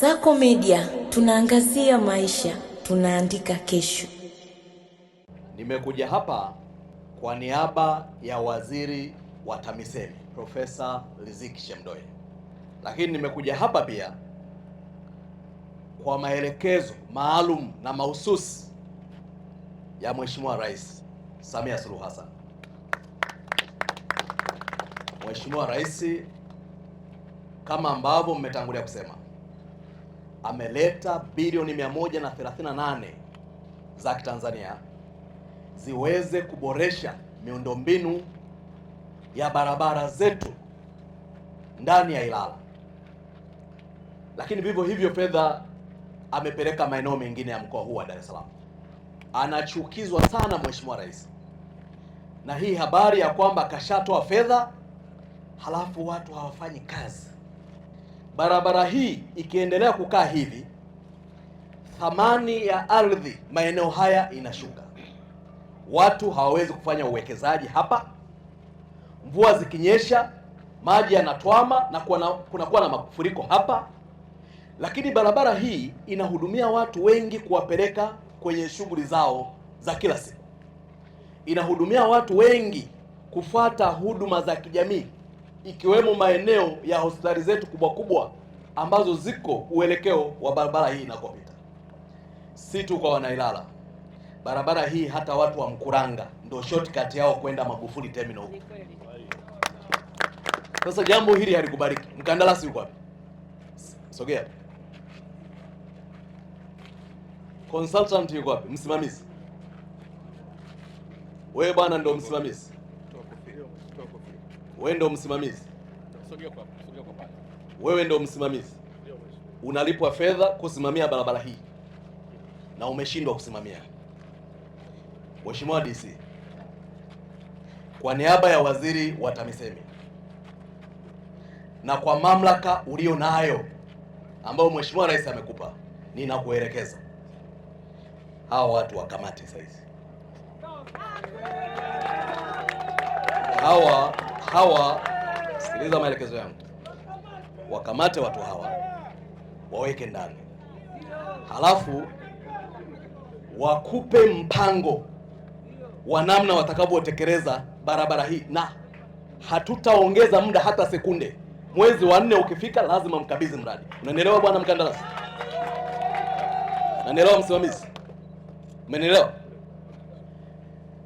Sako Media tunaangazia maisha, tunaandika kesho. Nimekuja hapa kwa niaba ya waziri wa TAMISEMI Profesa Riziki Shemdoe, lakini nimekuja hapa pia kwa maelekezo maalum na mahususi ya Mheshimiwa Rais Samia Suluhu Hassan. Mheshimiwa Rais, kama ambavyo mmetangulia kusema ameleta bilioni 138 za Kitanzania ziweze kuboresha miundombinu ya barabara zetu ndani ya Ilala, lakini vivyo hivyo fedha amepeleka maeneo mengine ya mkoa huu wa Dar es Salaam. Anachukizwa sana Mheshimiwa Rais na hii habari ya kwamba kashatoa fedha halafu watu hawafanyi kazi barabara hii ikiendelea kukaa hivi, thamani ya ardhi maeneo haya inashuka, watu hawawezi kufanya uwekezaji hapa. Mvua zikinyesha, maji yanatwama na kunakuwa na mafuriko hapa, lakini barabara hii inahudumia watu wengi kuwapeleka kwenye shughuli zao za kila siku, inahudumia watu wengi kufuata huduma za kijamii ikiwemo maeneo ya hospitali zetu kubwa kubwa ambazo ziko uelekeo wa barabara hii inakopita. Si tu kwa Wanailala, barabara hii hata watu wa Mkuranga ndio shortcut yao kwenda Magufuli terminal huko. Sasa jambo hili halikubariki Mkandarasi yuko wapi? Sogea. Consultant yuko wapi? Msimamizi wewe bwana, ndio msimamizi wewe ndio msimamizi, wewe ndio msimamizi, unalipwa fedha kusimamia barabara hii na umeshindwa kusimamia. Mheshimiwa DC, kwa niaba ya waziri wa TAMISEMI na kwa mamlaka ulio nayo ambayo Mheshimiwa Rais amekupa, ninakuelekeza hawa watu wakamate saizi hawa hawa, sikiliza maelekezo yangu, wakamate watu hawa waweke ndani, halafu wakupe mpango wa namna watakavyotekeleza barabara hii, na hatutaongeza muda hata sekunde. Mwezi wa nne ukifika, lazima mkabidhi mradi. Unanielewa bwana mkandarasi? Unanielewa msimamizi? Umenielewa?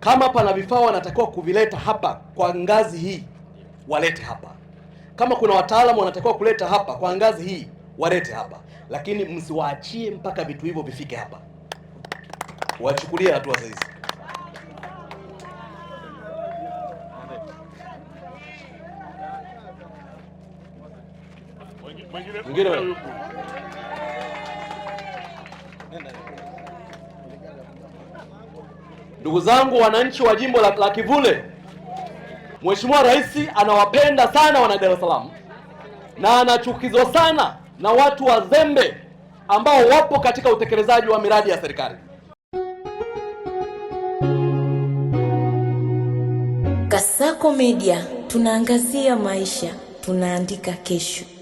Kama pana vifaa wanatakiwa kuvileta hapa kwa ngazi hii, walete hapa. Kama kuna wataalamu wanatakiwa kuleta hapa kwa ngazi hii, walete hapa, lakini msiwaachie mpaka vitu hivyo vifike hapa. Wachukulie hatua hizi. Mwingine Ndugu zangu wananchi wa jimbo la, la Kivule, Mheshimiwa Rais anawapenda sana wana Dar es Salaam na anachukizwa sana na watu wazembe ambao wapo katika utekelezaji wa miradi ya serikali. Kasako Media tunaangazia maisha, tunaandika kesho.